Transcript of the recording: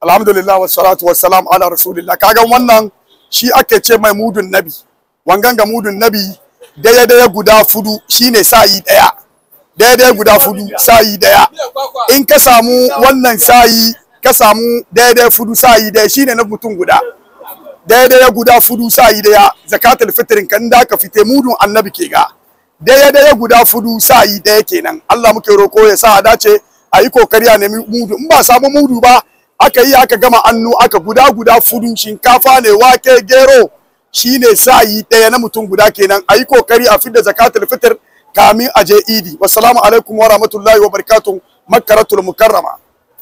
alhamdulillah wassalatu wassalam ala rasulillah kaga wannan shi ake ce mai mudun nabi wangan ga mudun nabi daya daya guda fudu shine sa'i daya daya daya guda fudu sa'i daya in ka samu wannan sa'i ka samu daya daya fudu sa'i daya shine na mutum guda daya daya guda fudu sa'i daya zakatul fitrin kan da ka fite mudun annabi ke ga daya daya guda fudu sa'i daya kenan Allah muke roko ya sa a dace a yi kokari a nemi mudu in ba samu mudu ba aka yi aka gama annu aka guda guda fudun shinkafa ne wake gero shine yi ɗaya na mutum guda kenan ayi kokari a fidda zakatul fitr kamin a je idi salamu alaikum wa rahmatullahi wa barakatuh makkaratul mukarrama